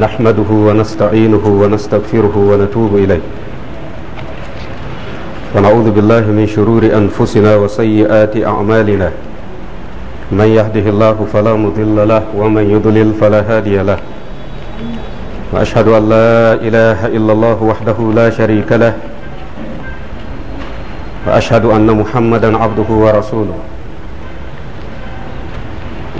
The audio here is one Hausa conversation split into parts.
نحمده ونستعينه ونستغفره ونتوب إليه ونعوذ بالله من شرور أنفسنا وسيئات أعمالنا من يهده الله فلا مضل له ومن يضلل فلا هادي له وأشهد أن لا إله إلا الله وحده لا شريك له وأشهد أن محمدا عبده ورسوله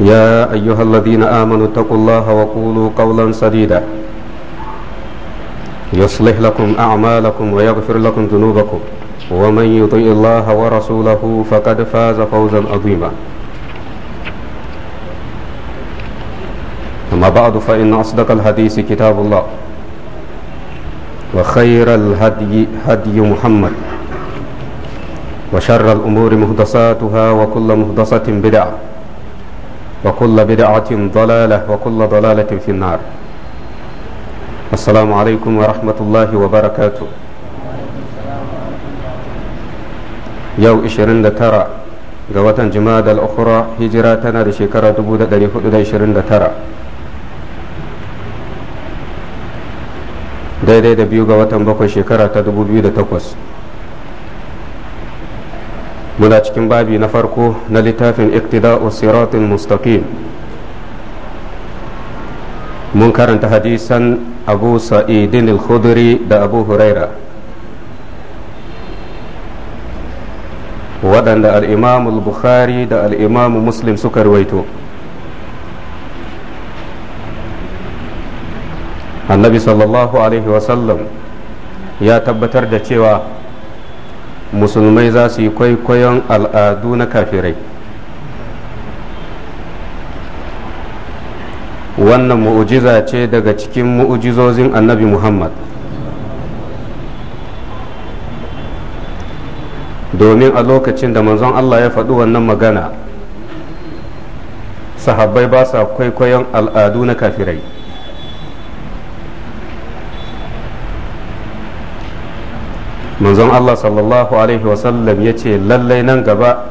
يا أيها الذين آمنوا اتقوا الله وقولوا قولا سديدا يصلح لكم أعمالكم ويغفر لكم ذنوبكم ومن يطع الله ورسوله فقد فاز فوزا عظيما أما بعد فإن أصدق الحديث كتاب الله وخير الهدي هدي محمد وشر الأمور مهدساتها وكل مهدسة بدعة وكل بدعة ضلالة وكل ضلالة في النار السلام عليكم ورحمة الله وبركاته يو إشرين ترى قوة جماد الأخرى هجراتنا لشكرة دبودة دليفة إشرين ترى daidai da biyu ga watan bakwai shekara ta 2008 muna cikin babi na farko na littafin iktida'u siratin mustaqim mun karanta hadisan abu sa'idin al-khudri da abu huraira waɗanda al al-bukhari da al-imam muslim suka ruwaito annabi sallallahu alaihi wasallam ya tabbatar da cewa musulmai za su yi kwaikwayon al'adu na kafirai wannan mu'ujiza ce daga cikin mu'ujizozin annabi muhammad domin a lokacin da manzon allah ya faɗi wannan magana sahabbai ba sa kwaikwayon al'adu na kafirai manzon Allah sallallahu alaihi wasallam ya ce lallai nan gaba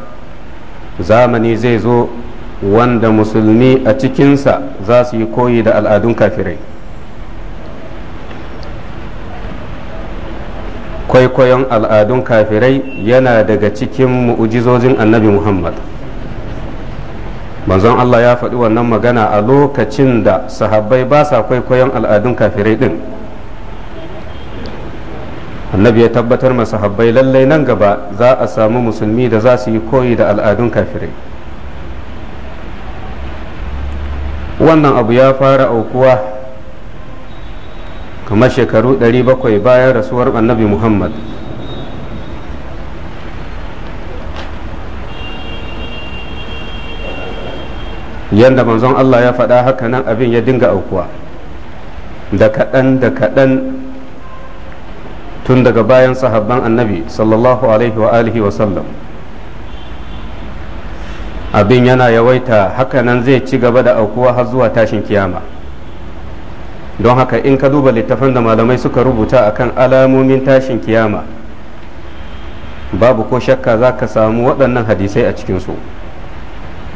zamani zai zo wanda musulmi a cikinsa za su yi koyi da al'adun kafirai kwaikwayon al'adun kafirai yana daga cikin mu'ujizojin annabi muhammad manzon Allah ya faɗi wannan magana a lokacin da sahabbai ba sa kwaikwayon al'adun kafirai ɗin annabi ya tabbatar masahabbai lallai nan gaba za a samu musulmi da za su yi koyi da al'adun kafirai wannan abu ya fara aukuwa kamar shekaru 700 bayan rasuwar annabi muhammad yadda manzon allah ya faɗa haka nan abin ya dinga aukuwa da kaɗan da kaɗan tun daga bayan sahabban annabi sallallahu alaihi wa alihi wa sallam abin yana yawaita hakanan zai ci gaba da aukuwa har zuwa tashin kiyama don haka in ka duba littafan da malamai suka rubuta akan alamomin tashin kiyama babu ko shakka za ka samu waɗannan hadisai a cikinsu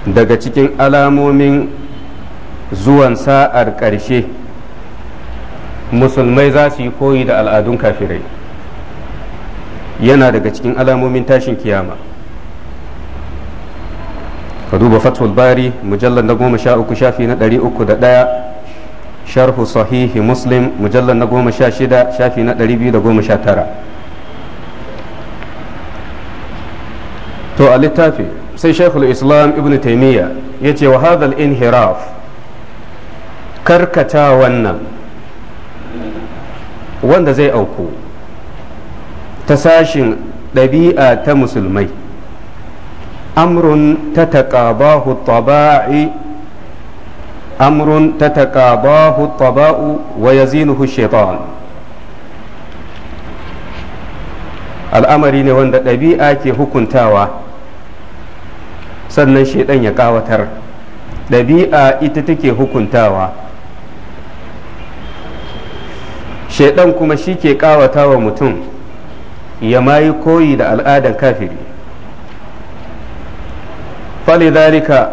daga cikin alamomin zuwan sa'ar ƙarshe musulmai za su yi koyi da al'adun kafirai yana daga cikin alamomin tashin kiyama ka duba fatul bari mujallar na goma sha uku shafi na ɗari uku da ɗaya sharhu sahihi muslim mujallar na goma sha shida shafi na ɗari biyu da goma sha tara to a littafi sai shekul islam ibn taimiyya ya ce wa hadal inhiraf karkata wannan wanda zai auku ta sashin ɗabi'a ta musulmai amrun ta taƙabahu taba'i amrun ta taƙabahu taba'u wa yazinuhu shaitan al'amari ne wanda ɗabi'a ke hukuntawa sannan shaidan ya ƙawatar ɗabi'a ita take hukuntawa shaidan kuma shi ke ƙawata wa mutum ya mayi koyi da al'adar kafiri fali zalika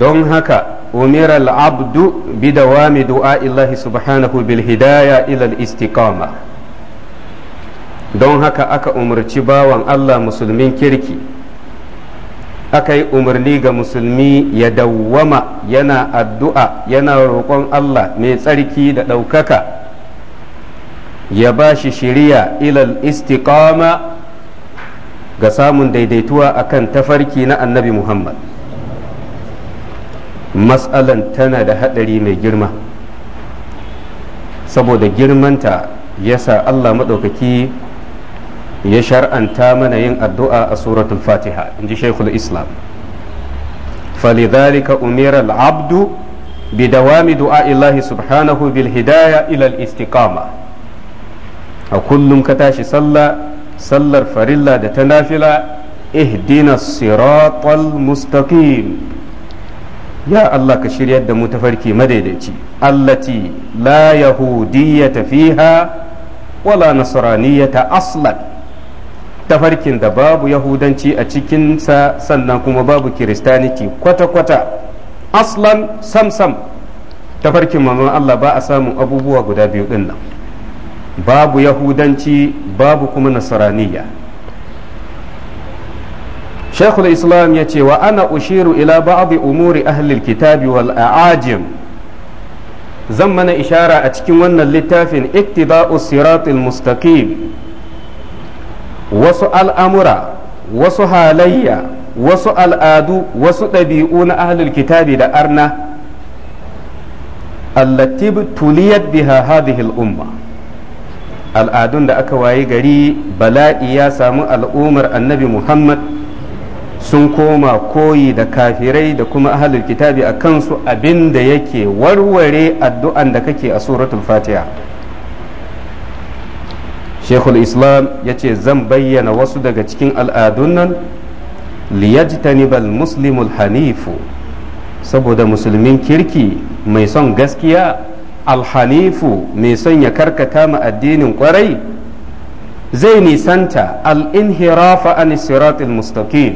don haka umira al'abdu bi dawami du'a illahi subhanahu bil hidaya ila istiqama don haka aka umarci bawan Allah musulmin kirki aka yi umarni ga musulmi ya dawwama yana addu'a yana roƙon Allah mai tsarki da ɗaukaka ya ba shi shiriya ilal istiqama ga samun daidaituwa akan tafarki na annabi muhammad matsalan tana da haɗari mai girma saboda girmanta yasa allah maɗaukaki ya shar'anta mana yin addu'a a suratul fatiha in ji shekul islam falidhalika umira al'abdu bi dawami du'a illahi subhanahu bil hidaya ilal istiqama a kullum ka tashi sallah sallar farilla da ta nafila ihdina siratal mustaqim ya Allah ka shiryar da mu tafarki madaidaici allati la yahudiyyata fiha wala nasraniyyata aslan tafarkin da babu yahudanci a cikinsa sannan kuma babu kiristaniti kwata-kwata aslan sam-sam tafarkin manzon Allah ba a samun abubuwa guda biyu din nan babu yahudanci babu kuma nasaraniya shekul islam ya ce wa ana ushiru ila ba'd umuri ahlil kitabi wal a'ajim zan mana ishara a cikin wannan littafin iktida'u siratul mustaqim wasu al'amura wasu halayya wasu al'adu wasu ɗabi'u na ahlul kitabi da arna allati tuliyat biha hadhihi al-umma al'adun da aka wayi gari bala'i ya samu al'ummar annabi muhammad sun koma koyi da kafirai da kuma ahalul kitabi a kansu abin da yake warware addu'an da kake a suratul fatiha shekul islam ya ce zan bayyana wasu daga cikin al'adun nan liyajtanibal muslimul hanifu saboda musulmin kirki mai son gaskiya alhanifu mai son ya karkata ma addinin kwarai zai nisanta al'inhirafa an siratul mustaqim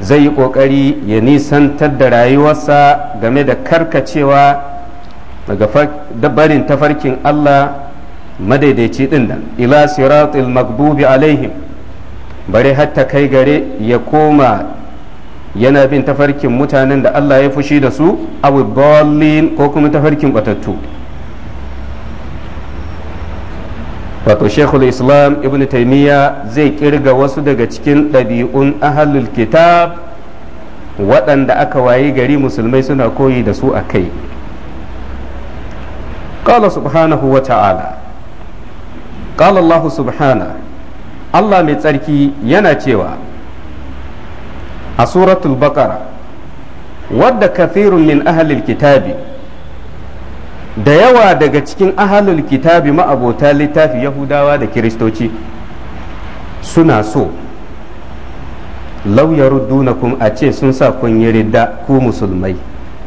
zai yi ƙoƙari ya nisantar da rayuwarsa game da karkacewa daga barin tafarkin Allah madaidaici ɗin da. ila siratul Makbubi alaihim bare hatta kai gare ya koma yana bin tafarkin mutanen da Allah ya fushi da su abu ballin ko kuma tafarkin batattu wato shekul islam ibn taimiyya zai kirga wasu daga cikin ɗabi'un ahalul kitab waɗanda aka wayi gari musulmai suna koyi da su a kai قال سبحانه وتعالى قال الله سبحانه الله tsarki ينا cewa a suratul baqara wadda kathirun min ahalil kitabi da yawa daga cikin ahalul kitabi ma'abota littafi yahudawa da kiristoci suna so lauyaru dunakum a ce sun sa kun yi ridda ku musulmai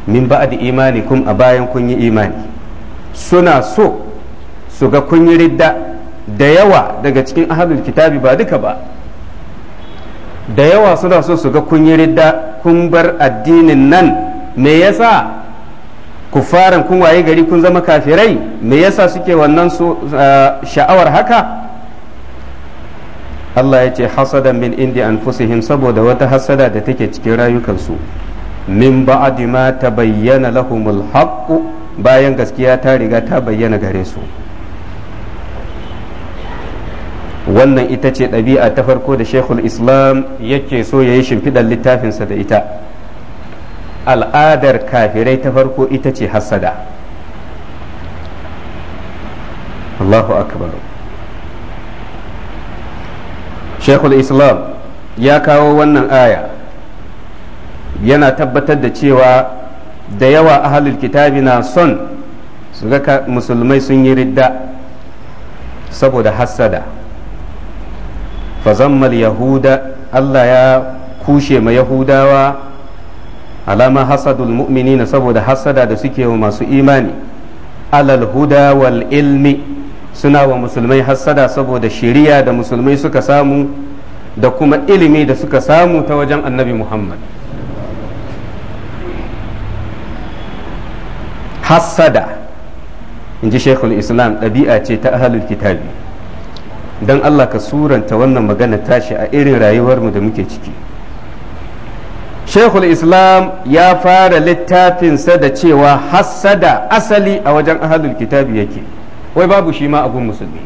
min da imani kun a bayan kun yi imani suna so su ga kun yi ridda da yawa daga cikin ahalul kitabi ba duka ba da yawa suna so su ga kun yi ridda kun bar addinin nan me yasa kufaran kun waye gari kun zama kafirai me yasa suke wannan eh, sha'awar haka Allah ya ce hasada min indi anfusihim saboda wata hasada da take cikin rayukansu min ba'di ma tabayyana lahumul haqq bayan gaskiya ta riga ta bayyana gare su wannan ita ce ɗabi'a ta farko da shekul islam yake so ya yi shimfiɗar littafinsa da ita al'adar kafirai ta farko ita ce hassada allahu akbar shekul islam ya kawo wannan aya yana tabbatar da cewa da yawa ahalul kitabi na son su ga musulmai sun yi ridda saboda hassada fazammal yahuda Allah ya kushe ma yahudawa alama hasadul mu'minina saboda hasada da suke wa masu imani alal huda wal ilmi suna wa musulmai hasada saboda shiriya da musulmai suka samu da kuma ilimi da suka samu ta wajen annabi muhammad hassada in ji shekul islam ɗabi'a ce ta ahalul kitabi don Allah ka suranta wannan magana tashi a irin rayuwarmu da muke ciki shekul islam ya fara littafinsa da cewa hassada asali a wajen ahalul kitabi yake wai babu shi ma abun musulmi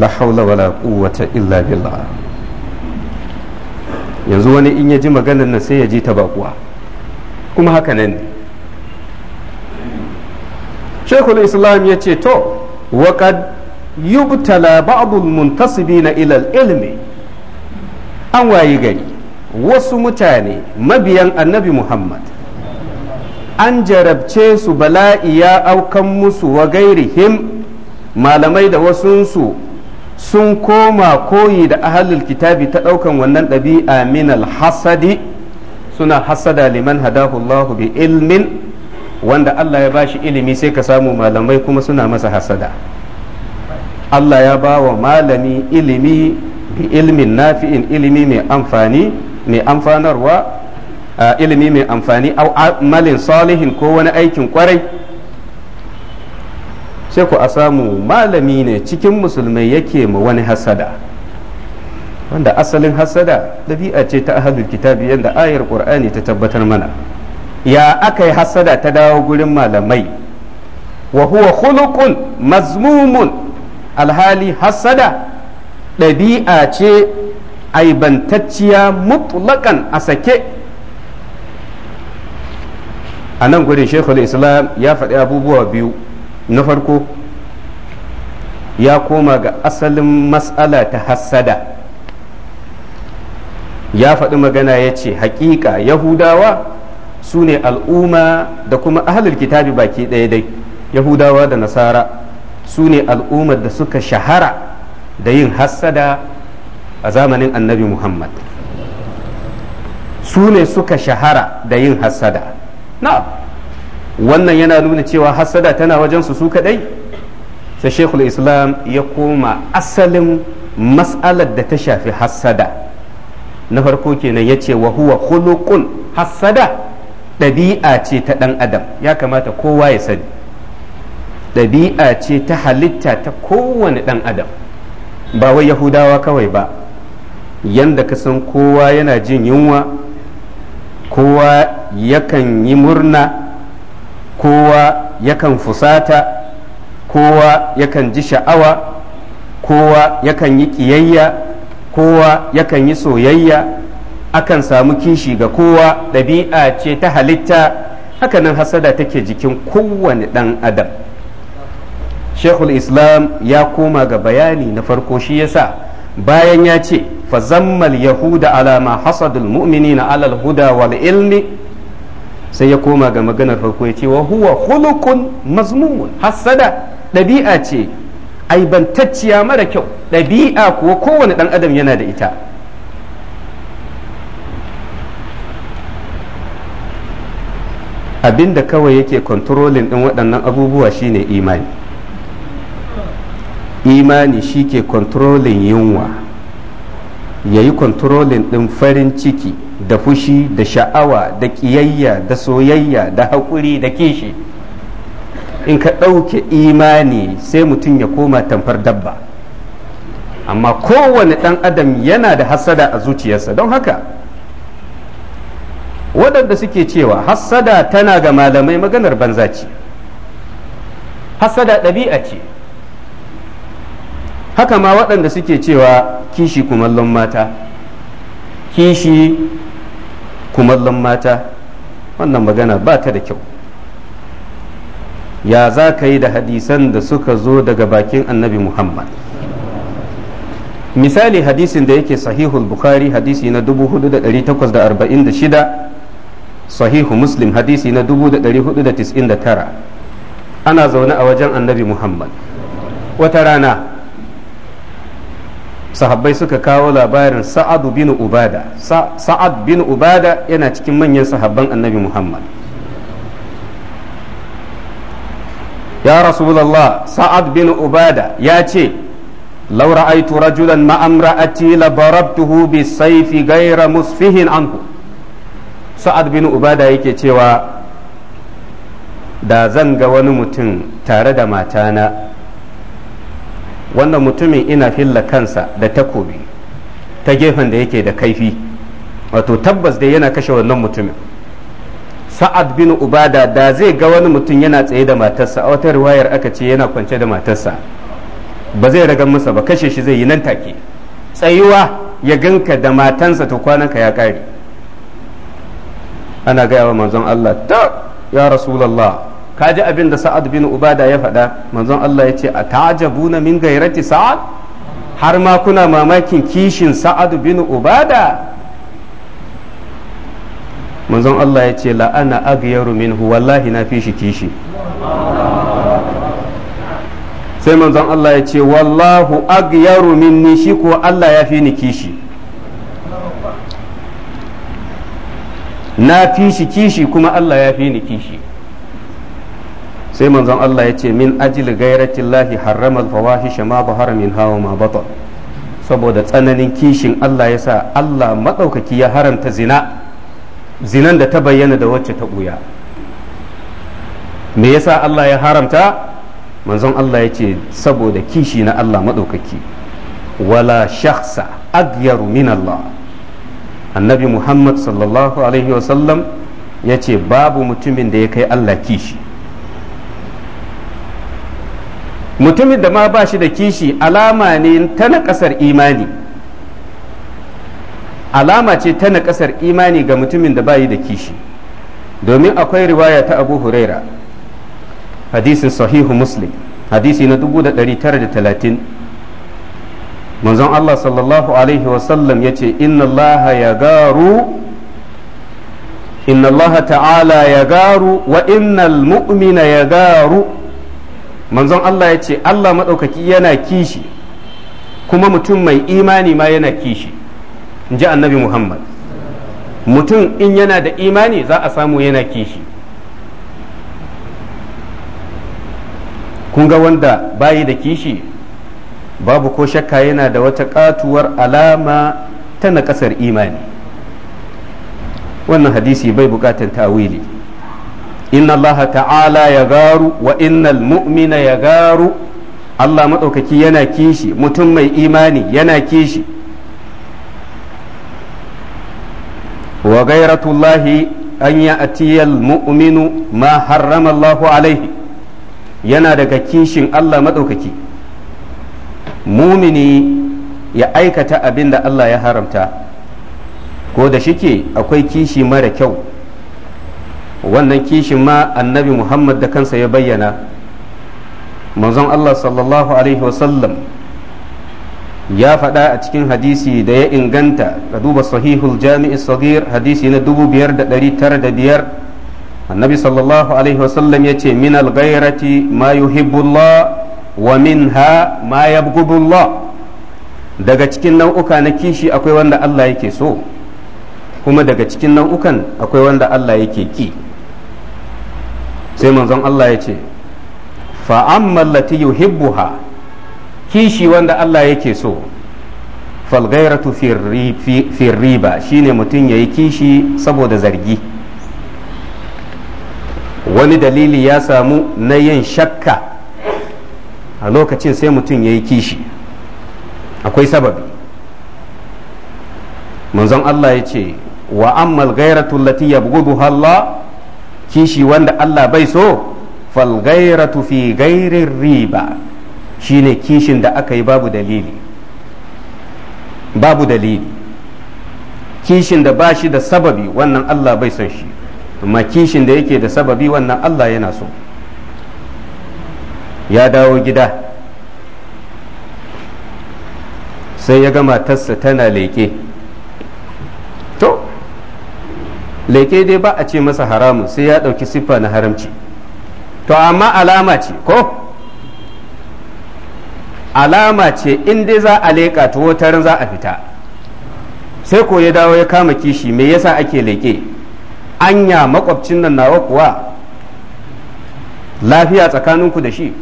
la haula wala quwwata illa billah yanzu wani in ya ji maganar nan sai ya ji ta bakuwa kuma haka nan ne shekul islam ya ce to waƙad yubtala ba'dul muntasibina ila ilmi an waye gari wasu mutane mabiyan annabi muhammad an jarabce su bala'i ya aukan musu wa gairihim malamai da wasunsu sun koma koyi da ahalul kitabi ta ɗaukan wannan ɗabi'a minal hasadi suna hasada liman hadahullahu bi ilmin wanda Allah ya bashi ilimi sai ka samu malamai kuma suna masa hasada Allah ya ba wa malami ilimi bi ilmin nafi'in ilimi mai amfani mai amfanarwa ilimi mai amfani au malin salihin ko wani aikin kwarai sai ku a samu malami ne cikin musulmai yake ma wani hasada wanda asalin hasada dabi'a ce ta ahalul kitabi yadda ayar qur'ani ta tabbatar mana ya aka yi hasada ta dawo gurin malamai wa huwa khuluqun mazmumun alhali hassada ɗabi'a ce aibantacciya mutlaƙan a sake a nan gudun shekul islam ya faɗi abubuwa biyu na farko ya koma ga asalin matsala ta hassada ya faɗi magana ya ce haƙiƙa yahudawa su ne al'umma da kuma ahalar kitabi baki ɗaya dai yahudawa da nasara su ne al'ummar da suka shahara da yin hassada a zamanin annabi muhammad su ne suka shahara da yin hassada na wannan yana nuna cewa hassada tana wajensu su kadai sai shekul islam ya koma asalin masalar da ta shafi hassada na farko kenan ya ce wa huwa hassada ɗabi'a ce ta ɗan adam ya kamata kowa ya sani ɗabi'a ce ta halitta ta kowane ɗan adam ba wai yahudawa kawai ba yanda ka san kowa yana jin yunwa kowa yakan yi murna kowa yakan fusata kowa yakan ji sha'awa kowa yakan yi ƙiyayya kowa yakan yi soyayya akan samu kishi ga kowa ɗabi'a ce ta halitta hakanan hasada take jikin kowane ɗan adam shekul islam ya koma ga bayani na farko shi yasa bayan ya ce fazammal yahuda alama hasadul na alal huda wal ilmi sai ya koma ga maganar farko ya ce wa huwa hulukun mazmumun hasada ɗabi'a ce aibantacciya mara kyau ɗabi'a kuwa kowane ɗan adam yana da ita abinda kawai yake kontrolin ɗin waɗannan abubuwa shine imani imani shi ke kontrolin yunwa ya yi kontrolin ɗin farin ciki da fushi da sha'awa da ƙiyayya da soyayya da haƙuri da kishi in ka ɗauke imani sai mutum ya koma tamfar dabba amma kowane ɗan adam yana da hassada a zuciyarsa don haka waɗanda suke cewa hassada tana ga malamai maganar banza ce hassada ɗabi'a ce haka ma waɗanda suke cewa kishi kumallon mata kishi kumallon mata wannan magana ba ta da kyau ya za ka yi da hadisan da suka zo daga bakin annabi muhammad misali hadisin da yake sahihul bukhari hadisi na 4846 sahihu muslim hadisi na 499 ana zaune a wajen annabi muhammad wata rana sahabbai suka kawo labarin sa'ad bin ubada sa'ad bin ubada yana cikin manyan sahabban annabi muhammad ya rasulullah sa'ad bin ubada ya ce laura ra'aytu rajulan ma'amra amra'ati la barabtuhu bi sayfi gaira musfihin anhu sa'ad bin ubada yake cewa da zan ga wani mutum tare da matana wannan mutumin ina filla kansa da takobi ta gefen da yake da kaifi wato tabbas dai yana kashe wannan mutumin sa'ad bin ubada da zai ga wani mutum yana tsaye da matarsa a wata riwayar aka ce yana kwance da matarsa ba zai ragan masa ba kashe shi zai yi nan take tsayuwa ya ganka da matansa to kwananka ya kare ana gaya wa manzon Allah ta ya rasulullah kaji abin da sa'ad bin ubada ya faɗa manzon Allah ya ce a ta'ajabuna min gairati sa'ad har ma kuna mamakin kishin sa'ad bin ubada manzon Allah ya ce la'ana aghyaru minhu wallahi na fi shi kishi sai manzon Allah ya ce wallahu aghyaru minni shi ko Allah ya fi ni kishi na fi shi kishi kuma Allah ya fi ni kishi sai manzon Allah ya ce min ajil gairatillahi harrama fawahisha ma bahara min hawa ma bata saboda tsananin kishin Allah ya sa Allah maɗaukaki ya haramta zina zinan da ta bayyana da wacce ta buya. me yasa Allah ya haramta manzon Allah ya ce saboda kishi na Allah maɗaukaki wala shakhsa agyaru min Allah annabi Muhammad sallallahu alaihi wasallam ya ce babu mutumin da ya kai Allah kishi mutumin da ma ba shi da kishi alama ne ta na ƙasar imani alama ce ta na ƙasar imani ga mutumin da bayi da kishi domin akwai riwaya ta abu huraira hadisin sahihu muslim hadisi na 930 manzon Allah sallallahu alaihi wasallam ya ce inna Allah ya garu inna Allah ta'ala ya garu wa innal mu'mina ya garu manzon Allah ya ce Allah maɗaukaki yana kishi kuma mutum mai imani ma yana kishi in ji annabi Muhammad mutum in yana da imani za a samu yana kishi kunga wanda bayi da kishi babu ko shakka yana da wata katuwar alama ta na imani wannan hadisi bai bukatan tawili inna allaha ta'ala ya garu wa innal mu'mina ya garu Allah maɗaukaki yana kishi mutum mai imani yana kishi wa gairatullahi an ya atiyal mu'minu ma harrama Allahu alaihi yana daga kishin Allah maɗaukaki mumini ya aikata abin da Allah ya haramta ko da shike akwai kishi mara kyau wannan kishin ma annabi muhammad da kansa ya bayyana manzon allah sallallahu alaihi wasallam ya faɗa a cikin hadisi da ya inganta ka duba sahihul jami'i sagir hadisi na 5,905 annabi sallallahu alaihi wasallam ya ce min algairati ma yuhibbullah wa minha ma yabgudullah daga cikin nau'uka na kishi akwai wanda Allah yake so kuma daga cikin nau'ukan akwai wanda Allah yake ki sai manzon Allah ya ce fa'amman lati hibbuha kishi wanda Allah yake so falgairatu fi shi shine mutum ya yi kishi saboda zargi wani dalili ya samu na yin shakka a lokacin sai mutum ya yi kishi akwai sababi manzon Allah ya ce wa ammal gairatu lati yabguduha Allah kishi wanda Allah bai so fal fi gairin riba shine kishin da aka yi babu dalili babu dalili kishin da ba shi da sababi wannan Allah bai son shi amma kishin da yake da sababi wannan Allah yana so ya dawo gida sai ya ga matarsa tana leƙe leƙe dai ba a ce masa haramun sai ya ɗauki siffa na haramci to amma alama ce ko alama ce in dai za a leƙa tuwo wataran za a fita sai ko ya dawo ya kama kishi me yasa ake leƙe anya makwabcin nan nawa kuwa lafiya tsakaninku da shi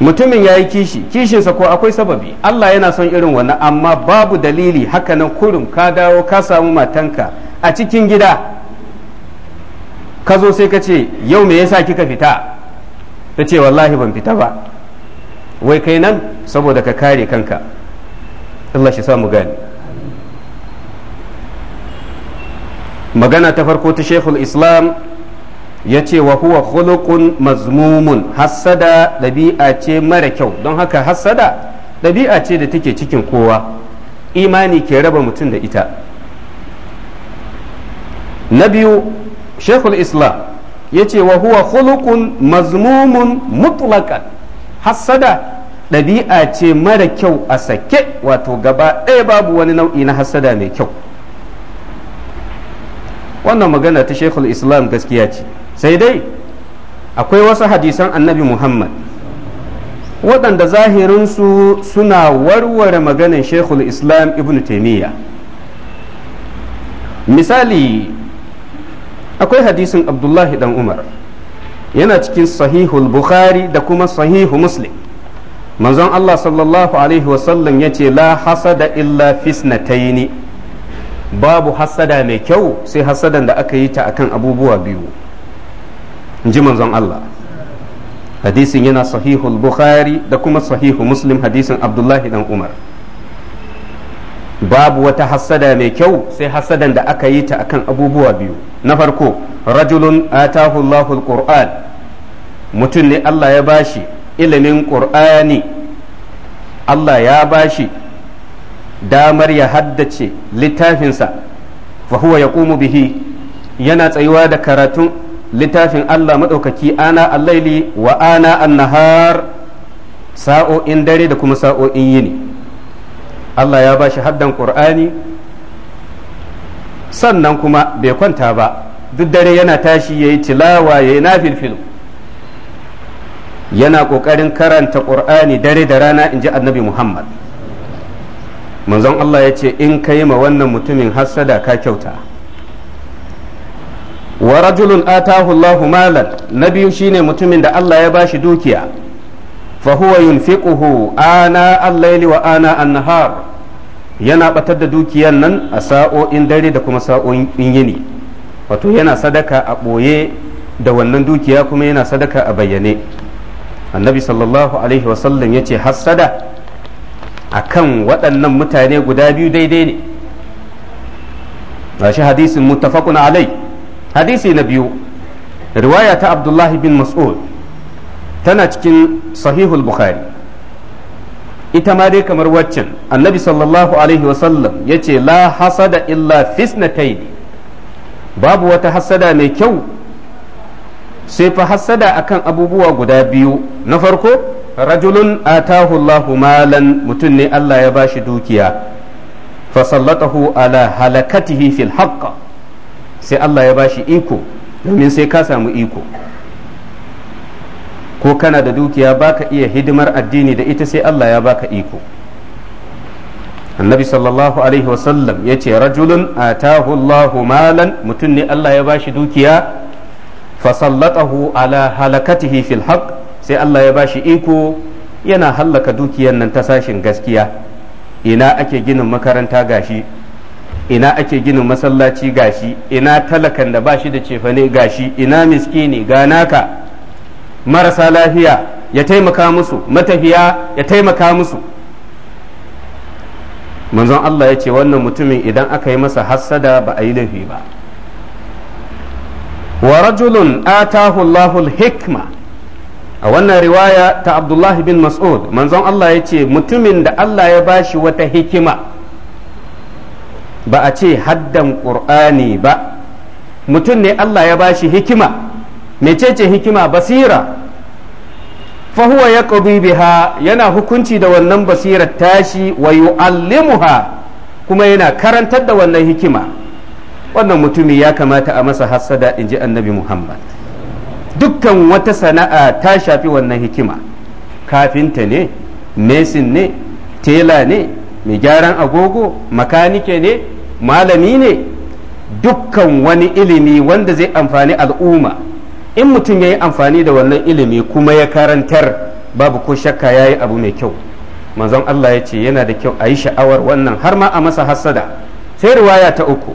mutumin ya yi kishi kishinsa ko akwai sababi Allah yana son irin wannan amma babu dalili hakanan kurum ka dawo ka samu matanka a cikin gida ka zo sai ka ce yau me yasa kika fita ta ce wallahi ban fita ba wai kai nan saboda ka kare kanka Allah shi samu gani magana ta farko ta shekul islam ya ce wa huwa khuluqun mazmumun hassada ɗabi'a ce mara kyau don haka hassada ɗabi'a ce da take cikin kowa imani ke raba mutum da ita na biyu shekul islam ya ce wa huwa khuluqun mazmumun mutlaqan hassada ɗabi'a ce mara kyau a sake wato gaba ɗaya babu wani nau'i na hassada mai kyau wannan magana ta shekul islam gaskiya ce sai dai akwai wasu hadisan annabi muhammad waɗanda zahirinsu suna warware maganin shekul islam ibn taimiyya misali akwai hadisin abdullahi dan umar yana cikin sahihul bukhari da kuma sahihu muslim manzon allah sallallahu alaihi wasallam ya ce la hasada illa fisnataini babu hasada mai kyau sai hasadan da aka yi ta akan abubuwa biyu in ji manzon allah hadisin yana sahihul bukhari da kuma sahihu muslim hadisin abdullahi dan umar babu wata hassada mai kyau sai hassadan da aka yi ta akan abubuwa biyu na farko rajulun atahu Allahul Qur'an mutum ne Allah ya bashi ilimin Qur'ani Allah ya bashi damar ya haddace littafinsa fa huwa yaqumu bihi yana tsayuwa da karatun littafin Allah maɗaukaki ana allaili wa ana annahar sa'o'in dare da kuma sa'o'in yini Allah ya ba shi haddan ƙur'ani sannan kuma bai kwanta ba duk dare yana tashi yayi tilawa yi nafilfil yana ƙoƙarin karanta ƙur'ani dare da rana inji Annabi Muhammad manzon Allah ya ce in kai ma wannan mutumin hassada ka kyauta wa rajulun atahu Allahu malan na biyu shine mutumin da Allah ya bashi dukiya fa huwa yunfiquhu ana al-layli wa ana an yana batar da dukiyan nan a sa'o'in dare da kuma sa'o'in yini wato yana sadaka a ɓoye da wannan dukiya kuma yana sadaka a bayyane annabi sallallahu alaihi wasallam ya ce hassada a kan waɗannan mutane guda biyu daidai ne shi hadisin muttafaqun alai hadisi na biyu riwaya ta abdullahi bin mas'ud tana cikin sahihul bukhari ita ma dai kamar waccan annabi sallallahu alaihi wasallam ya ce la hasada illa fisnatai babu wata hasada mai kyau sai fa hasada akan abubuwa guda biyu na farko rajulun atahu Allahu malan mutum ne Allah ya bashi dukiya fasallatahu ala halakatihi fil sai Allah ya bashi iko domin sai ka samu iko ko kana da dukiya baka iya hidimar addini da ita sai Allah ya baka iko annabi sallallahu alaihi wasallam ya ce rajulun atahu Allahu malan mutum ne Allah ya bashi dukiya fasallatahu ala halakatihi fil haqq sai Allah ya bashi iko yana hallaka dukiyar nan ta sashin gaskiya ina ake ginin makaranta gashi ina ake ginin masallaci gashi ina talakan da bashi da cefane gashi ina miskini ga ka? marasa lafiya ya taimaka musu matafiya ya taimaka musu manzon Allah ya ce wannan mutumin idan aka yi masa hassada ba a yi laifi ba wa rajulun atahu Allahul hikma a wannan riwaya ta Abdullah bin Mas'ud manzon Allah ya ce mutumin da Allah ya bashi wata hikima ba a ce haddan ƙur'ani ba mutum ne Allah ya bashi hikima mecece hikima basira fahuwa ya biha yana hukunci da wannan basirar tashi wa yu'allimuha kuma yana karantar da wannan hikima wannan mutumi ya kamata a masa hassada in ji annabi muhammad dukkan wata sana'a ta shafi wannan hikima kafinta ne mesin ne tela ne mai gyaran agogo makanike ne malami ne dukkan wani ilimi wanda zai amfani al'umma in mutum ya yi amfani da wannan ilimi kuma ya karantar babu ko shakka ya yi abu mai kyau manzon Allah ya ce yana da kyau a yi sha'awar wannan har ma a masa hassada sai riwaya ta uku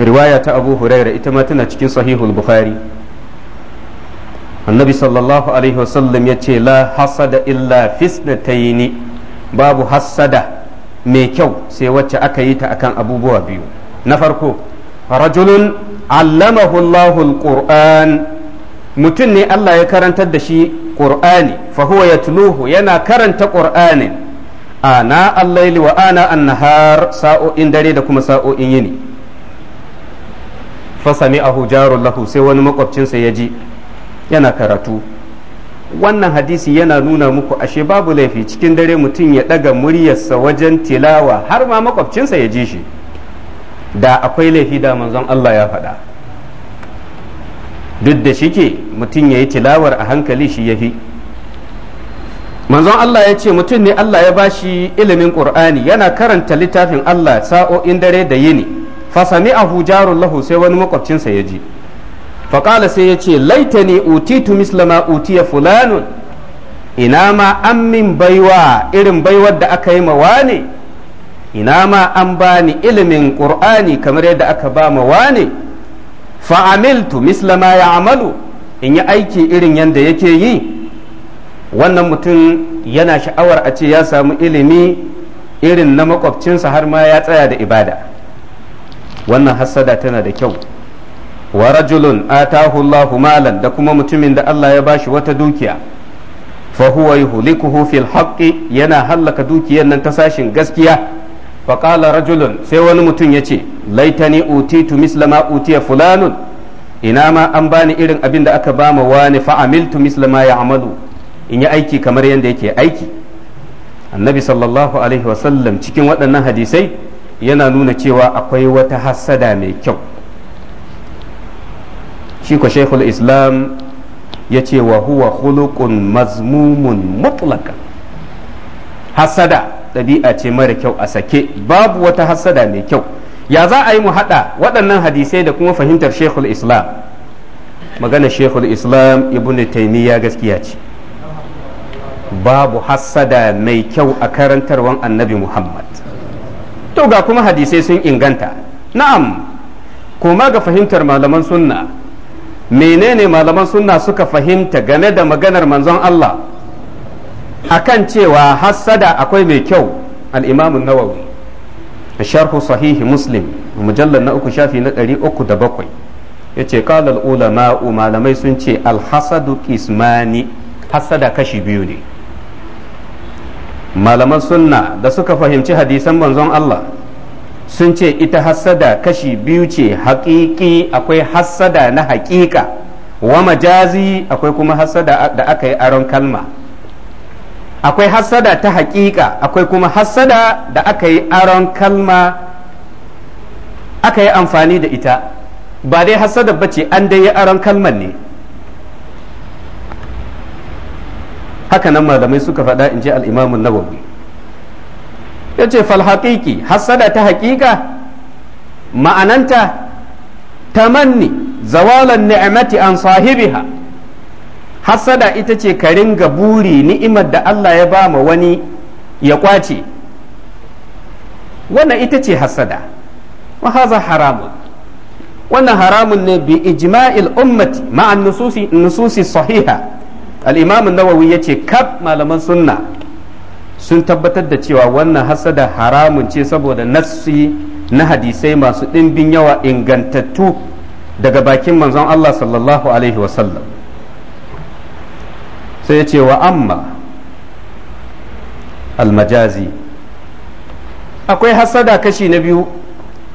riwaya ta abu huraira ita ma tana cikin sahihul bukhari annabi sallallahu alaihi wasallam ya ce la hasada illa fisnatayni babu hassada mai kyau sai wacce aka yi ta akan abubuwa biyu na farko rajulun allamahu Allahul Qur'an mutum ne Allah ya karantar da shi Qur'ani fa huwa yatluhu yana karanta Qur'anin ana al-laili wa ana sa'o'in dare da kuma sa'o'in yini fa sami'ahu jarul lahu sai wani makwabcinsa ya ji yana karatu wannan hadisi yana nuna muku ashe babu laifi cikin dare mutum ya ɗaga muryarsa wajen tilawa har ma maƙwabcinsa ya ji shi da akwai laifi da manzon Allah ya faɗa duk da shi ke mutum ya yi tilawar a hankali shi ya fi manzon Allah ya ce mutum ne Allah ya ba shi ilimin ƙur'ani yana karanta littafin Allah sa'o'in dare da yini fasami a hujarun lahu sai wani makwabcinsa ya ji faƙala sai ya ce laitani utitu mislama ya fulanun ina ma an min baiwa irin baiwar da aka yi mawa ne. ina ma an bani ilimin ƙur'ani kamar yadda aka ba ma wane fa'amiltu misla ma Amalu in yi aiki irin yadda yake yi wannan mutum yana sha'awar a ce ya samu ilimi irin na makwabcinsa har ma ya tsaya da ibada wannan hassada tana da kyau wa rajulun atahu Allahu malan da kuma mutumin da Allah ya bashi wata dukiya fa huwa yuhlikuhu fil haqqi yana hallaka dukiyar nan ta sashin gaskiya faƙala rajulun sai wani mutum ya ce laitani utitu misla uti utiya fulanun ina ma an bani irin abin da aka ba ma wani fa'amil tu mislama ya amalu in yi aiki kamar yadda yake aiki annabi sallallahu alaihi wasallam cikin waɗannan hadisai yana nuna cewa akwai wata hasada mai kyau shi ko shaikhul islam ya ce wa huwa mazmumun mutlaka hassada ɗabi'a ce mara kyau a sake babu wata hassada mai kyau ya za a yi mu haɗa waɗannan hadisai da kuma fahimtar shekul islam magana shekul islam ibn taimiyya gaskiya ce babu hassada mai kyau a karantarwan annabi muhammad to ga kuma hadisai sun inganta na'am koma ga fahimtar malaman sunna menene malaman sunna suka fahimta game da maganar manzon allah akan cewa hassada akwai mai kyau al'imamun nawawi a sharhu sahihi muslim mujallar na uku shafi na ɗari uku da bakwai ya ce kalal ulama'u malamai sun ce alhassadu kismani hassada kashi biyu ne malaman sunna da suka fahimci hadisan manzon Allah sun ce ita hassada kashi biyu ce haƙiƙi akwai hassada na haƙiƙa wa majazi akwai kuma hassada da aka yi aron kalma akwai hassada ta haƙiƙa akwai kuma hassada da aka yi aron kalma aka yi amfani da ita ba dai hassada ce an dai yi aron kalmar ne haka nan malamai suka faɗa in ji al'imamun nawawi ya ce falhaƙiƙi hassada ta haƙiƙa ma'ananta ta tamanni zawalan ni'mati an sahibiha hassada ita ce ka ringa buri ni'imar da Allah ya ba ma wani ya kwace wannan ita ce hassada wa haramun wannan haramun ne bi ijma'il ummati ma'an nususi nususi sahiha al-imam nawawi yace kab malaman sunna sun tabbatar da cewa wannan hassada haramun ce saboda nassi na hadisai masu ɗimbin yawa ingantattu daga bakin manzon Allah sallallahu alaihi wasallam sai ya ce wa amma almajazi akwai hassada kashi na biyu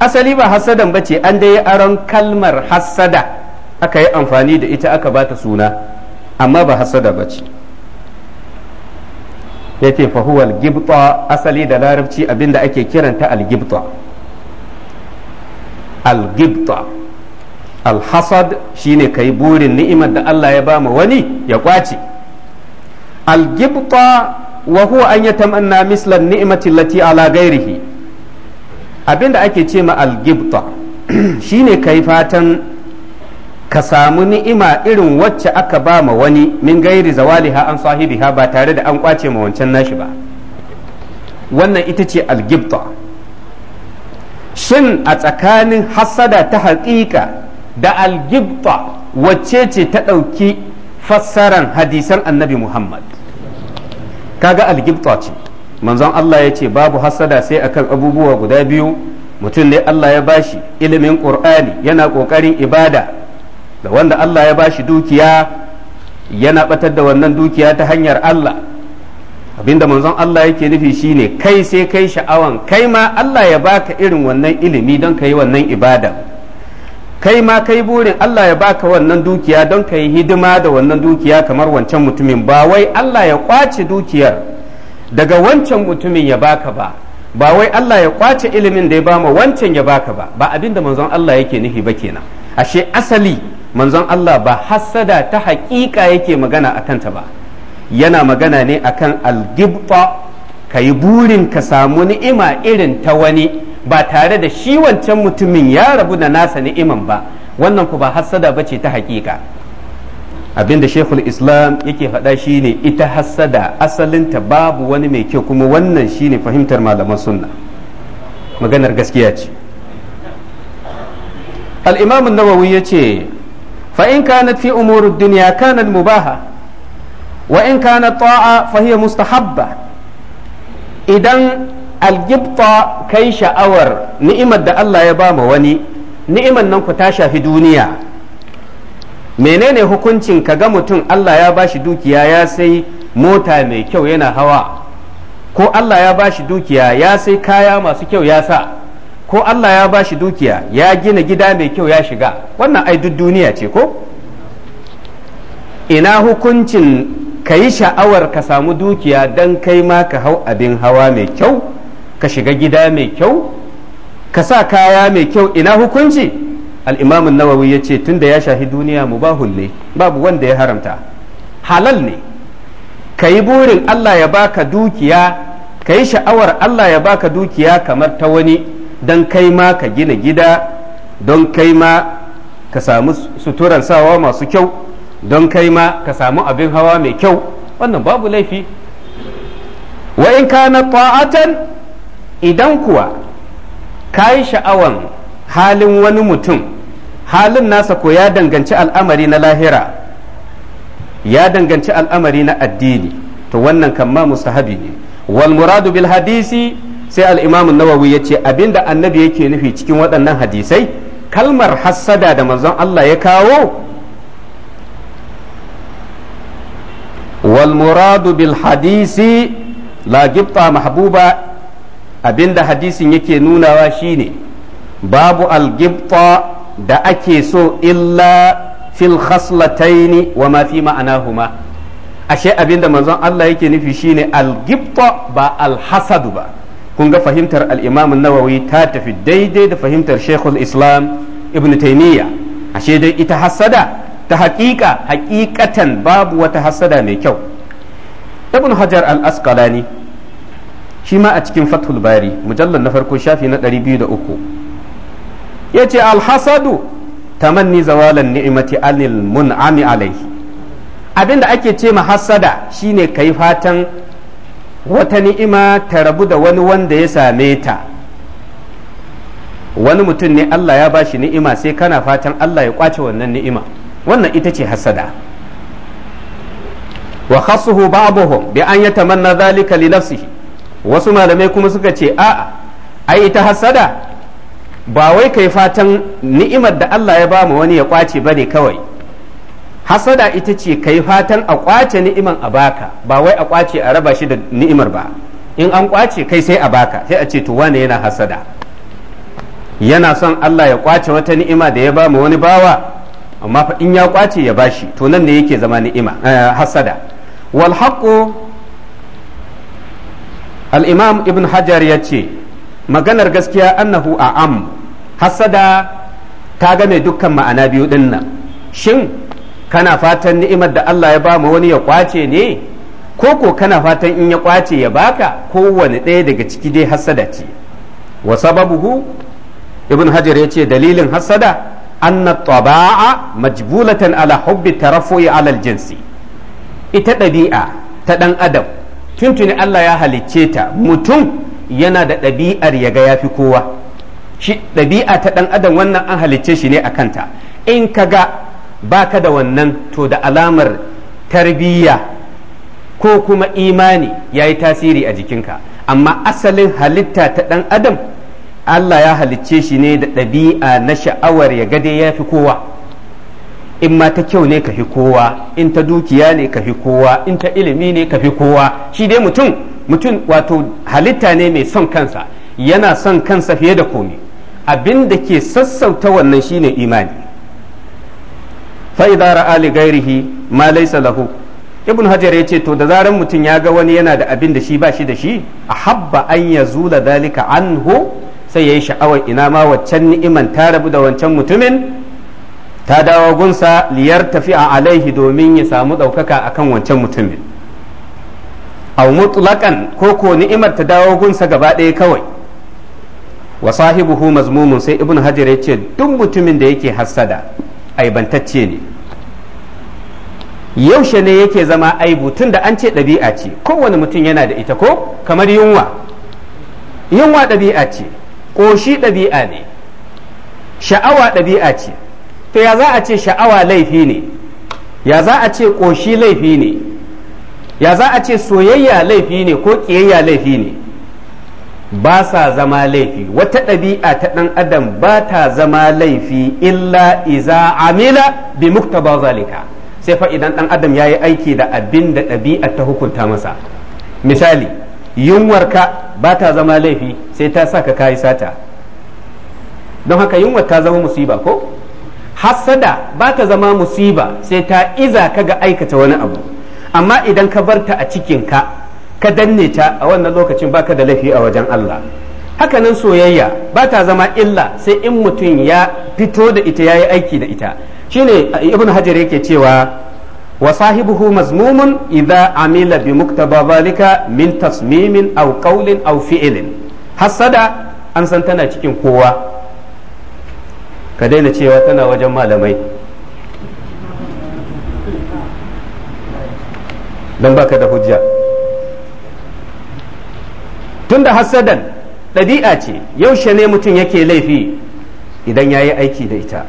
asali ba hassadan ba ce an dai aron kalmar hassada aka yi amfani da ita aka bata suna amma ba hassada ba ce ya ce fahuwal gibta asali da larabci abinda ake kiranta algibta algibta alhasad shine kai burin ni'imar da Allah ya bama wani ya kwace Algibta wa huwa an tamanna mislan ni'mati lati ala gairihi abinda ake ce ma algibta shine kai fatan ka samu ni'ima irin wacce aka ba ma wani min gairi zawaliha an sahibiha ba tare da an kwace ma wancan nashi ba wannan ita ce algibta shin a tsakanin hasada ta haƙiƙa da algibta wacce ce ta ɗauki fassaran hadisan annabi muhammad kaga algibta ce manzon Allah ya ce babu hasada sai akan abubuwa guda biyu mutum ne Allah ya bashi ilimin qur'ani yana kokarin ibada da wanda Allah ya bashi dukiya yana batar da wannan dukiya ta hanyar Allah abinda manzon Allah yake nufi shine kai sai kai sha'awan kai ma Allah ya baka irin wannan ilimi don ka yi wannan ibada kai ma kai burin Allah ya baka wannan dukiya don ka yi hidima da wannan dukiya kamar wancan mutumin ba wai Allah ya kwace dukiyar daga wancan mutumin ya baka ba ba wai Allah ya kwace ilimin da ya bama wancan ya baka ba ba abin da manzon Allah yake nufi ba kenan ashe asali manzon Allah ba hassada ta haƙiƙa yake magana a kanta ba yana magana ne akan algibta ka yi burin ka samu ni'ima irin ta wani ba tare da shi wancan mutumin ya rabu da nasa ni'iman ba wannan ku ba hassada ba ce ta hakika abinda shekul islam yake faɗa shine ita hassada asalinta babu wani mai kyau kuma wannan shine fahimtar malaman sunna maganar gaskiya ce al-imam nawawi yace fa in kanat fi kanat mubaha wa in kanat ta'a mustahabba idan algibta kai sha'awar ni'imar da Allah ya ba ma wani ni'imar nan ku ta shafi duniya menene hukuncin ka ga mutum Allah ya ba shi dukiya ya sai mota mai kyau yana hawa ko Allah ya ba shi dukiya ya sai kaya masu kyau ya sa ko Allah ya ba shi dukiya ya gina gida mai kyau ya shiga wannan ai duk duniya ce ko ina hukuncin ka yi sha'awar ka samu dukiya don kai ma ka hau abin hawa mai kyau ka shiga gida mai kyau ka sa kaya mai kyau ina hukunci al'imamun nawawi ya ce tunda ya shahi duniya mu ba hulle. babu wanda ya haramta halal ne ka yi burin allah ya baka dukiya ka yi sha'awar allah ya baka dukiya kamar ta wani don kai ma ka gina gida don kai ma ka samu suturan sawa masu kyau don kai ma ka samu abin hawa mai kyau wannan babu laifi wa in kana ta'atan idan kuwa ka yi sha'awan halin wani mutum halin nasa ko ya danganci al'amari na lahira ya danganci al'amari na addini to wannan kamma mustahabi ne wal muradu bil hadisi sai al'imamun nawawi ya ce abinda annabi yake nufi cikin waɗannan hadisai kalmar hassada da manzon Allah ya kawo wal muradu bil hadisi la gibta mahbuba abinda hadisin yake nunawa shine babu algibta da ake so illa fil khaslataini wa ma fi ma'anahuma ashe abinda manzon Allah yake nufi shine algibta ba alhasadu ba kun ga fahimtar al-Imam nawawi ta tafi daidai da fahimtar Sheikhul Islam Ibn Taymiyyah ashe dai ita hasada ta haƙiƙa haƙiƙatan babu wata hasada mai kyau Ibn Hajar al-Asqalani shi ma a cikin fathul bari mujallar na farko shafi na 203 ya ce alhasadu tamanni zawalan ni'imati anil mun'ami Abin abinda ake ce ma hasada shine kai fatan wata ni'ima ta rabu da wani wanda ya same ta wani mutum ne Allah ya bashi ni'ima sai kana fatan Allah ya kwace wannan ni'ima wannan ita ce hasada wa khassuhu ba'dhum bi an yatamanna dhalika li nafsihi wasu malamai kuma suka ce a'a ai ita hasada ba wai kai fatan ni'imar da Allah ya ba mu wani ya kwace ba ne kawai hasada ita ce kai fatan a kwace ni'iman a baka ba wai a kwace a raba shi da ni'imar ba in an kwace kai sai a baka sai a ce to wane yana hasada yana son Allah ya kwace wata ni'ima da ya ba mu wani bawa amma fa in ya kwace ya bashi to nan ne yake zama ni'ima eh, hasada wal haqqu al-imam ibn hajar ya ce maganar gaskiya annahu a'am hasada ta game dukkan ma'ana biyu din nan shin kana fatan ni'imar da Allah ya ba mu wani ya kwace ne ko ko kana fatan in ya kwace ya baka ko wani ɗaya daga ciki dai hasada ce wa sababuhu ibn hajar ya ce dalilin hasada anna taba'a majbulatan ala hubbi tarafu'i ala jinsi ita ɗabi'a ta ɗan adam tuntuni Allah ya halicce ta mutum yana da ɗabi'ar ya ga ya fi kowa shi ɗabi'a ta ɗan adam wannan an halicce shi ne a kanta in ka ga baka da wannan to da alamar tarbiyya ko kuma imani ya yi tasiri a jikinka amma asalin halitta ta ɗan adam Allah ya halicce shi ne da ɗabi'a na sha'awar ya dai ya fi kowa in ma ta kyau ne ka fi kowa in ta dukiya ne ka fi kowa in ta ilimi ne ka fi kowa shi dai mutum mutum wato halitta ne mai son kansa yana son kansa fiye da komi abin da ke sassauta wannan shine imani Fa'idara ra'a li gairihi ma laysa lahu ibn hajar ya ce to da zarar mutum ya ga wani yana da abin da shi ba shi da shi a habba an ya zula dalika anhu sai ya yi sha'awar ina ma wancan ni'iman ta rabu da wancan mutumin ta dawo gunsa liyar tafi a alaihi domin ya samu ɗaukaka akan wancan mutumin a mutlaqan ko ko ni'imar ta dawo gunsa gaba ɗaya kawai wa sahibuhu mazmumun sai ibn hajar ya ce duk mutumin da yake hassada aibantacce ne yaushe ne yake zama aibu tun da an ce ɗabi'a ce kowane mutum yana da ita ko kamar yunwa yunwa ɗabi'a ce ƙoshi ɗabi'a ne sha'awa ɗabi'a ce to ya za a ce sha'awa laifi ne ya za a ce ƙoshi laifi ne ya za a ce soyayya laifi ne ko ƙiyayya laifi ne ba sa zama laifi wata ɗabi'a ta ɗan adam ba ta zama laifi illa iza amila bi muktaba zalika sai fa idan ɗan adam ya yi aiki da abin da ɗabi'a ta hukunta masa misali yunwarka ba ta zama laifi sai ta sa ka kayi sata don haka yunwar ta zama musiba ko hassada ba ta zama musiba sai ta iza ka ga aikata wani abu amma idan ka bar ta a cikin ka ka danne ta a wannan lokacin ba ka da laifi a wajen Allah hakanan soyayya ba ta zama illa sai in mutum ya fito da ita yayi aiki da ita shine ibn hajar yake cewa wa sahibuhu mazmumun idza amila bi muktaba zalika min tasmimin aw qawlin aw fi'lin hasada an san tana cikin kowa ka daina cewa tana wajen malamai don baka da hujja Tun da hassadan ɗabi'a ce yaushe ne mutum yake laifi idan ya yi aiki da ita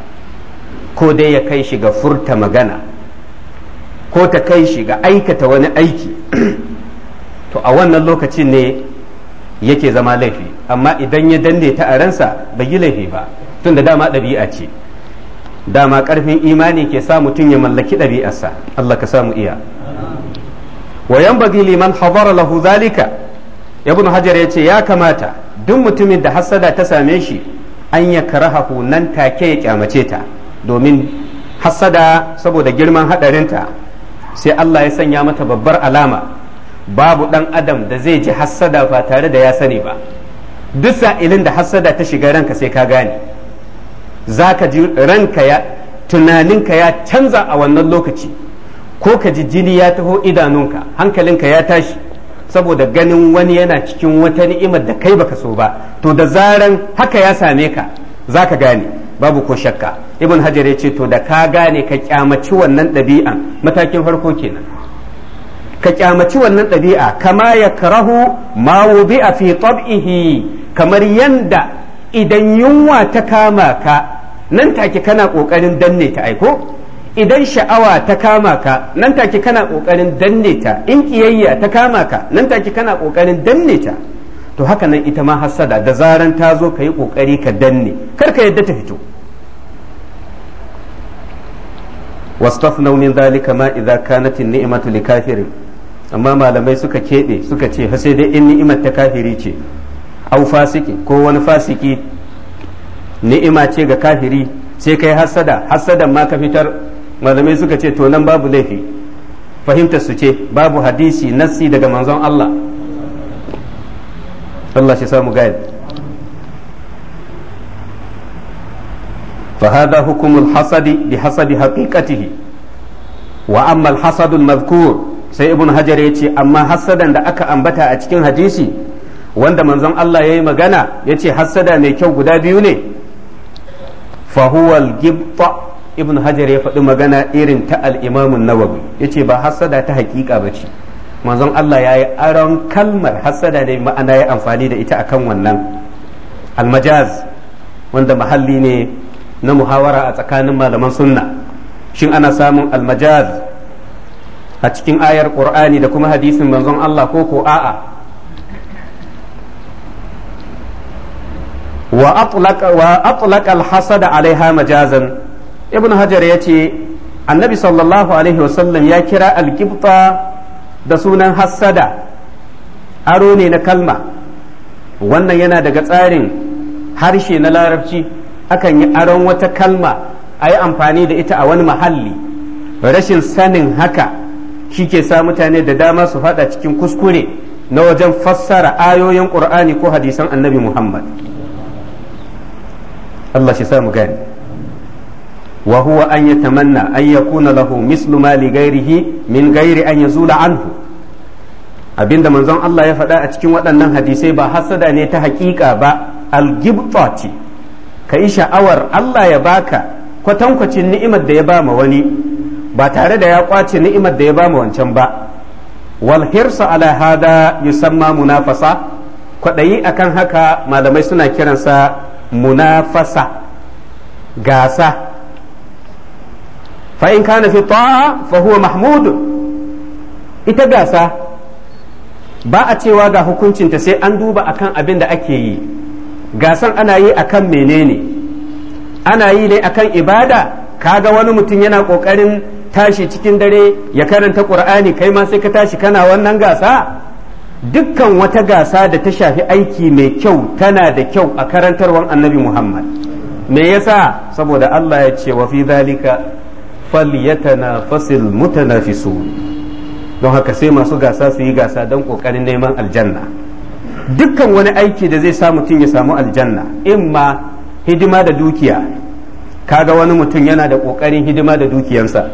ko dai ya kai shi ga furta magana ko ta kai shi ga aikata wani aiki to a wannan lokacin ne yake zama laifi amma idan ya danne ta a ransa bai yi laifi ba tun da dama ɗabi'a ce dama ƙarfin imani ke sa mutum ya mallaki ɗabi'arsa Allah ka samu iya wa bagi liman hadara lahu zalika ibn hajar ya ce ya kamata duk mutumin da hassada ta same shi an ya karahahu nan take ya kyamace ta domin hassada saboda girman hadarinta sai Allah ya sanya mata babbar alama babu dan adam da zai ji hassada ba tare da ya sani ba duk sa'ilin da hassada ta shiga ranka sai ka gane za ka ji ranka ya tunaninka ya canza a wannan lokaci ko ka ji jini ya taho idanunka hankalinka ya tashi saboda ganin wani yana cikin wata ni'imar da kai baka so ba to da zaran haka ya same ka za ka gane babu ko shakka ibn hajar ya ce to da ka gane ka kyamaci wannan ɗabi'a, matakin farko kenan ka kyamaci wannan ɗabi'a kama ya karahu ma a fi tab'ihi kamar yanda idan yunwa ta kama ka nan take kana ƙoƙarin danne ta aiko idan sha'awa ta kama ka nan take kana ƙoƙarin danne ta in ƙiyayya ta kama ka nan take kana ƙoƙarin danne ta to haka nan ita ma hassada da zaran ta zo ka yi ƙoƙari ka danne kar ka yadda ta fito ma من ذلك ما إذا amma malamai suka أما suka ce sai dai in ni'imar ta kafiri ce au fasiki ko wani fasiki. ni'ima ce ga kafiri sai kai hassada hassadan ma ka fitar malamai suka ce to nan babu laifi fahimtar su ce babu hadisi nassi daga manzon Allah Allah shi samu gayar فهذا حكم الحسد بحسب حقيقته وأما الحسد المذكور sai ibn hajar yace ce amma hassadan da aka ambata a cikin hadisi wanda manzon Allah ya yi magana ya ce hassada mai kyau guda biyu ne fahuwal gibta ibn hajar ya faɗi magana irin ta al'imamun nawawi ya ce ba hassada ta hakika ba ce manzon Allah ya yi aron kalmar hassada ne ma'ana ya amfani da ita akan wannan almajaz wanda mahalli ne na muhawara a tsakanin malaman sunna shin ana samun almajaz a cikin ayar qur'ani da kuma hadisin manzon Allah ko ko a'a wa atlaqa al-hasada alaiha majazan ibn hajar yace annabi sallallahu alaihi wasallam ya kira al da sunan hassada aro ne na kalma wannan yana daga tsarin harshe na larabci akan yi aron wata kalma a yi amfani da ita a wani mahalli rashin sanin haka shi ke sa mutane da dama su fada cikin kuskure na wajen fassara ayoyin ƙur'ani ko hadisan annabi muhammad Allah shi sa mu gani wa huwa an tamanna an yakuna lahu mislu ma gairihi min gairi an yazula anhu abinda manzon Allah ya faɗa a cikin waɗannan hadisai ba hasada ne ta haƙiƙa ba algibta ce ka yi sha'awar Allah ya baka kwatankwacin ni'imar da ya ba ma wani ba tare da ya kwace ni'imar da ya ba ma wancan ba wal hirsa ala hada yusamma munafasa kwaɗayi akan haka malamai suna kiransa munafasa gasa fa in kana fi ta'a fa huwa mahmud ita gasa ba a cewa ga hukuncinta sai an duba akan abin da ake yi gasan ana yi akan menene ana yi ne akan ibada kaga wani mutum yana kokarin tashi cikin dare ya karanta qur'ani kai ma sai ka tashi kana wannan gasa dukkan wata gasa da ta shafi aiki mai kyau tana da kyau a karantarwar annabi Muhammad me yasa saboda Allah ya ce wa fi zalika fi mutanafisu don haka sai masu gasa su yi gasa don kokarin neman aljanna dukkan wani aiki da zai sa mutum ya samu aljanna imma hidima da dukiya kaga wani mutum yana da kokarin hidima da dukiyansa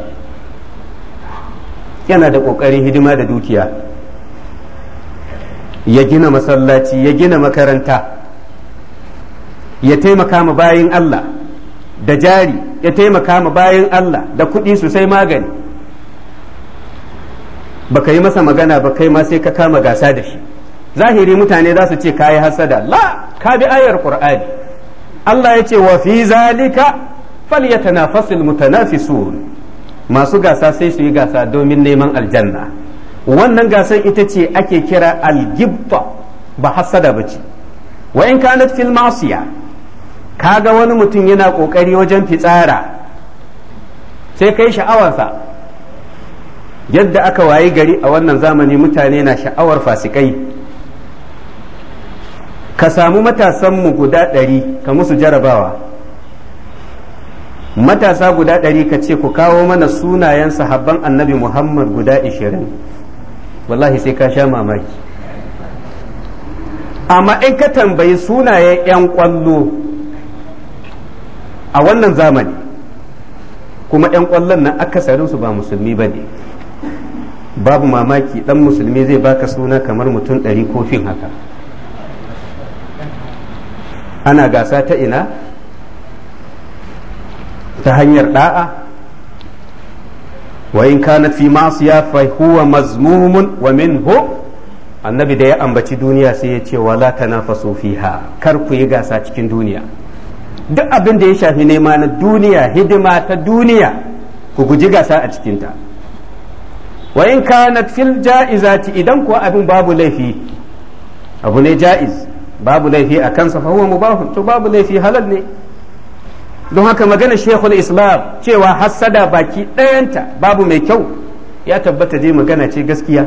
yana da kokarin hidima da dukiya ya gina masallaci ya gina makaranta ya taimaka ma bayin Allah da jari ya taimaka ma bayin Allah da kuɗi sosai magani baka yi masa magana ba kai ma sai ka kama gasa da shi zahiri mutane za su ce ka yi hasada la ka bi ayar qur'ani Allah ya ce wa fi zalika falyatanafasul mutanafisun masu gasa sai su yi gasa domin neman aljanna wannan gasar ita ce ake kira al gibba ba hasada bace wa in kanat fil masiya kaga wani mutum yana kokari wajen fitsara sai kai sha'awarsa yadda aka wayi gari a wannan zamani mutane na sha'awar fasikai ka samu matasanmu guda ɗari ka musu jarabawa matasa guda ɗari ka ce ku kawo mana sunayen sahabban annabi muhammad guda ishirin wallahi sai ka sha mamaki amma in ka tambayi sunayen 'yan kwallo a wannan zamani kuma 'yan kwallon nan su ba musulmi ba ne babu mamaki dan musulmi zai baka suna kamar mutum ɗari kofin haka ana gasa ta ina ta hanyar ɗa'a wa in kana fi ma'siya huwa mazmumun wa minhu annabi da ya ambaci duniya sai ya ce wala tanafasu fiha kar ku yi gasa cikin duniya duk abin da ya shafi nema na duniya hidima ta duniya ku guji gasa a cikinta wa in kanat fil ja'izati idan kuwa abin babu laifi abu ne ja'iz babu laifi a kansa fa huwa mubahun to babu laifi halal ne don haka magana shekul islam cewa hassada baki ɗayanta babu mai kyau ya tabbata dai magana ce gaskiya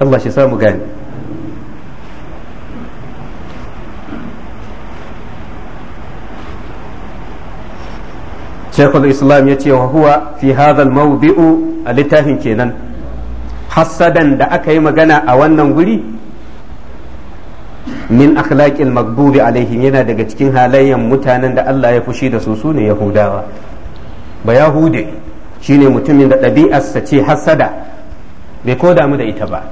Allah shi samu gani shekul islam ya ce huwa fi hadhal mawdi'u a littafin kenan hassadan da aka yi magana a wannan guri min akhlaqil maghdubi alaihim yana daga cikin halayen mutanen da Allah ya fushi da su sune yahudawa ba yahude shine mutumin da ɗabi'arsa ce hasada bai ko damu da ita ba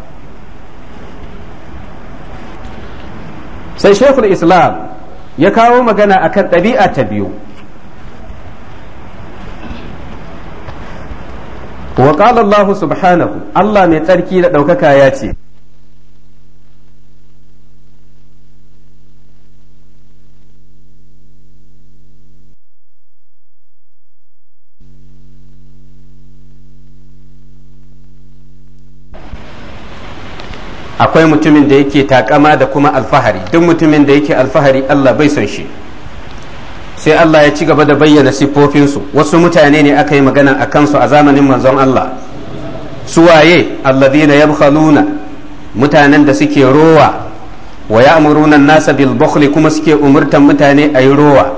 sai shekul islam ya kawo magana akan ɗabi'a ta biyu wa qala subhanahu Allah mai tsarki da ɗaukaka ya ce akwai mutumin da yake takama da kuma alfahari duk mutumin da yake alfahari Allah bai son shi sai Allah ya ci gaba da bayyana siffofinsu wasu mutane ne aka yi magana a kansu a zamanin manzon Allah su waye alladhina yabkhaluna mutanen da suke rowa wa ya'muruna nasa bil kuma suke umurtan mutane ayi rowa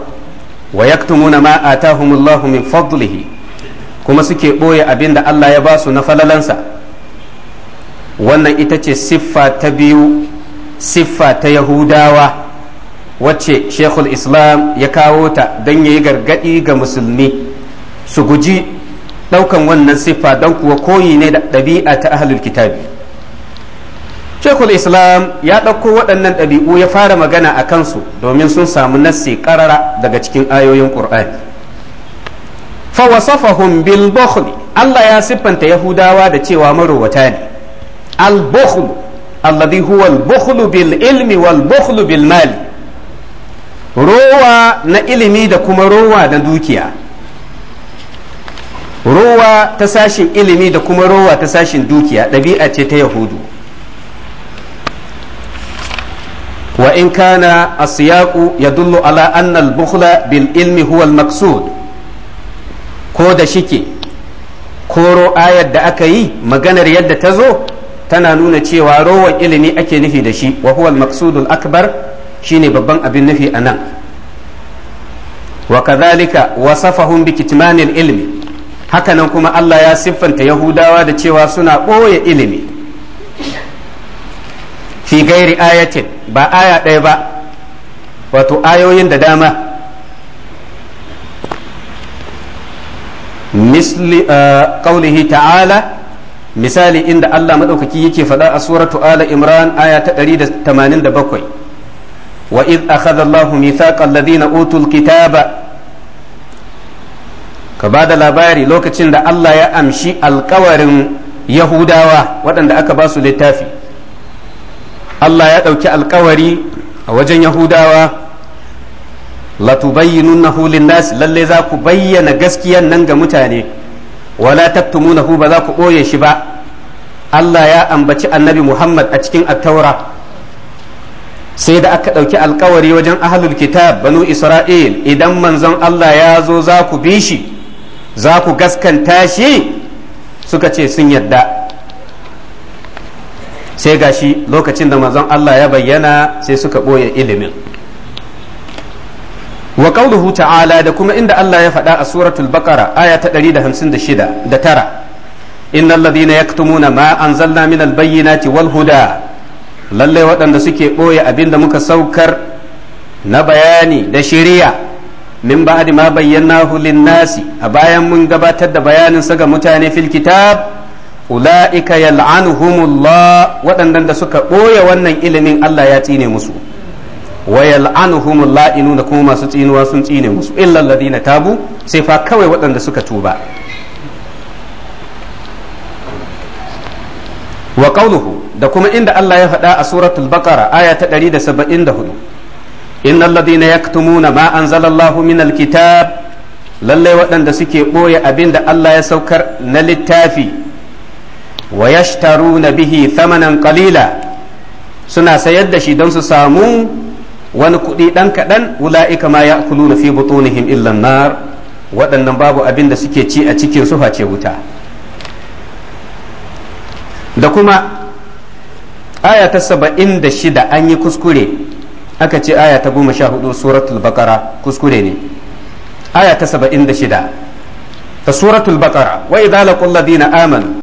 wa yaktumuna ma atahumullahu min fadlihi kuma suke boye abin da Allah ya ba su na falalansa wannan ita ce siffa ta biyu siffa ta yahudawa wacce shekul islam ya kawo ta don ya yi gargaɗi ga musulmi su guji ɗaukan wannan siffa don kuwa koyi ne da ɗabi'a ta ahlul kitabi shekul islam ya ɗauko waɗannan ɗabi'u ya fara magana a kansu domin sun samu nassi ƙarara daga cikin ayoyin ƙur'ani fawasafahum bil bukhl Allah ya siffanta Yahudawa da cewa marowata ne al-bukhl alladhi huwa buhlu bukhl bil ilmi wal bukhl bil mali rowa na ilimi da kuma rowa na dukiya rowa ta sashin ilimi da kuma rowa ta sashin dukiya ɗabi'a ce ta yahudu wa in kana asiyaku ya dullu ala annal bukhla bil ilmi huwal al ko da shike ko ayar da aka yi maganar yadda ta zo tana nuna cewa rowan ilimi ake nufi da shi wa huwa al-maqsudul akbar shine babban abin nufi anan wa kadhalika wasafahum bi kitmanil ilmi hakanan kuma Allah ya siffanta yahudawa da cewa suna ɓoye ilimi fi gairi ayatin ba aya ɗaya ba wato ayoyin da dama misli eh, qaulihi ta'ala misali inda Allah maɗaukaki yake faɗa a suratu ala imran aya ta 187 wa id akhadha Allahu mithaqa alladhina utul kitaba ka ba da labari lokacin da Allah ya amshi alkawarin yahudawa waɗanda aka ba su littafi Allah ya ɗauki alkawari a wajen yahudawa latubayyinunnahu linnas lalle za ku bayyana gaskiyan nan ga mutane wala taktumunahu ba za ku ɓoye shi ba Allah ya ambaci annabi Muhammad a cikin attaura sai da aka ɗauki alkawari wajen ahlul kitab banu Isra'il idan manzon Allah ya zo za ku bi shi za ku gaskanta shi suka ce sun yadda sai gashi lokacin da manzon Allah ya bayyana sai suka ɓoye ilimin wa qawluhu ta'ala da kuma inda Allah ya faɗa a suratul baqara aya ta 156 da tara innal ladina yaktumuna ma anzalna minal bayyinati wal huda lalle waɗanda suke ɓoye abinda muka saukar na bayani da shari'a min ba'di ma bayyanahu lin-nasi a bayan mun gabatar da bayanin sa ga mutane fil kitab ula'ika yal'anuhumullah waɗanda da suka ɓoye wannan ilimin Allah ya tsine musu wa yal'anuhumul la'inuna kuma masu tsinuwa sun tsine musu illal na tabu sai fa kawai waɗanda suka tuba wa da kuma inda Allah ya faɗa a suratul baqara aya ta 174 innal ladina yaktumuna ma anzalallahu minal kitab lallai waɗanda suke ɓoye abin da Allah ya saukar na littafi wa na bihi thamanan qalila suna sayar da shi don su samu wani kuɗi ɗan kaɗan wula'ika ma ya kulu na fi butunihim illan nar waɗannan babu abin da suke ci a cikin su face wuta da kuma aya ta saba'in da shida an yi kuskure aka ce aya ta goma sha hudu suratul bakara kuskure ne aya ta saba'in da shida ta suratul bakara wa idza laqul ladina amanu